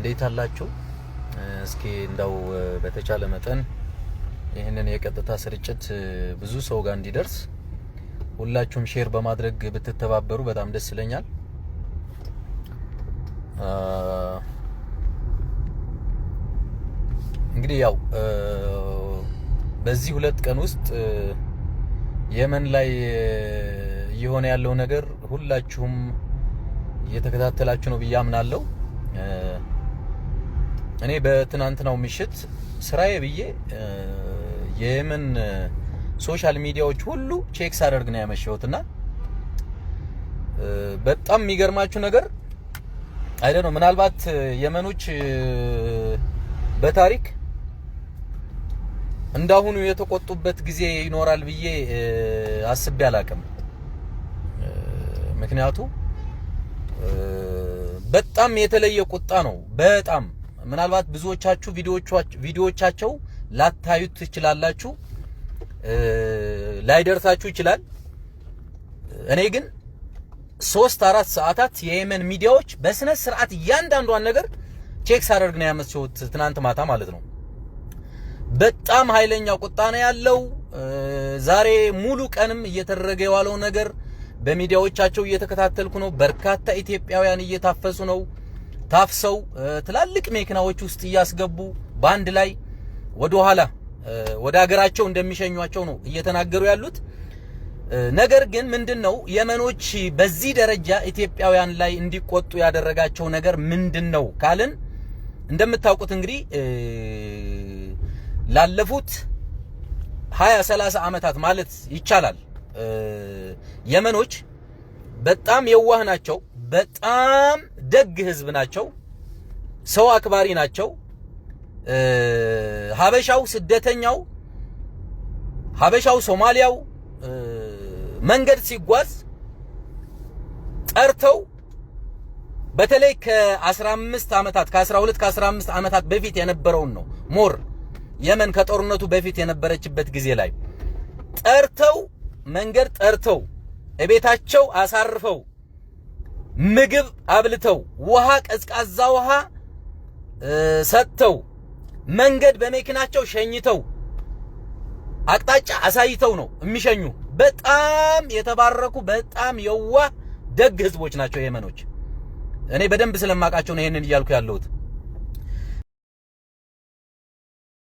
እንዴት አላችሁ? እስኪ እንደው በተቻለ መጠን ይህንን የቀጥታ ስርጭት ብዙ ሰው ጋር እንዲደርስ ሁላችሁም ሼር በማድረግ ብትተባበሩ በጣም ደስ ይለኛል። እንግዲህ ያው በዚህ ሁለት ቀን ውስጥ የመን ላይ እየሆነ ያለው ነገር ሁላችሁም እየተከታተላችሁ ነው ብዬ አምናለሁ። እኔ በትናንትናው ምሽት ስራዬ ብዬ የየመን ሶሻል ሚዲያዎች ሁሉ ቼክ ሳደርግ ነው ያመሸሁት እና በጣም የሚገርማችሁ ነገር አይደ ነው ምናልባት የመኖች በታሪክ እንዳሁኑ የተቆጡበት ጊዜ ይኖራል ብዬ አስቤ አላቅም። ምክንያቱ በጣም የተለየ ቁጣ ነው። በጣም ምናልባት ብዙዎቻችሁ ቪዲዮዎቻቸው ላታዩት ትችላላችሁ፣ ላይደርሳችሁ ይችላል። እኔ ግን ሶስት አራት ሰዓታት የየመን ሚዲያዎች በስነ ስርዓት እያንዳንዷን ነገር ቼክ ሳደርግ ነው ያመሸሁት፣ ትናንት ማታ ማለት ነው። በጣም ኃይለኛ ቁጣ ነው ያለው። ዛሬ ሙሉ ቀንም እየተደረገ የዋለው ነገር በሚዲያዎቻቸው እየተከታተልኩ ነው። በርካታ ኢትዮጵያውያን እየታፈሱ ነው። ታፍሰው ትላልቅ መኪናዎች ውስጥ እያስገቡ በአንድ ላይ ወደ ኋላ ወደ ሀገራቸው እንደሚሸኟቸው ነው እየተናገሩ ያሉት። ነገር ግን ምንድነው የመኖች በዚህ ደረጃ ኢትዮጵያውያን ላይ እንዲቆጡ ያደረጋቸው ነገር ምንድነው ካልን እንደምታውቁት እንግዲህ ላለፉት 20 30 ዓመታት ማለት ይቻላል የመኖች በጣም የዋህ ናቸው። በጣም ደግ ህዝብ ናቸው። ሰው አክባሪ ናቸው። ሀበሻው፣ ስደተኛው፣ ሀበሻው፣ ሶማሊያው መንገድ ሲጓዝ ጠርተው በተለይ ከ15 ዓመታት ከ12 ከ15 ዓመታት በፊት የነበረውን ነው ሞር የመን ከጦርነቱ በፊት የነበረችበት ጊዜ ላይ ጠርተው መንገድ ጠርተው እቤታቸው አሳርፈው ምግብ አብልተው፣ ውሃ ቀዝቃዛ ውሃ ሰጥተው፣ መንገድ በመኪናቸው ሸኝተው፣ አቅጣጫ አሳይተው ነው የሚሸኙ። በጣም የተባረኩ በጣም የዋህ ደግ ህዝቦች ናቸው የመኖች። እኔ በደንብ ስለማውቃቸው ነው ይሄንን እያልኩ ያለሁት።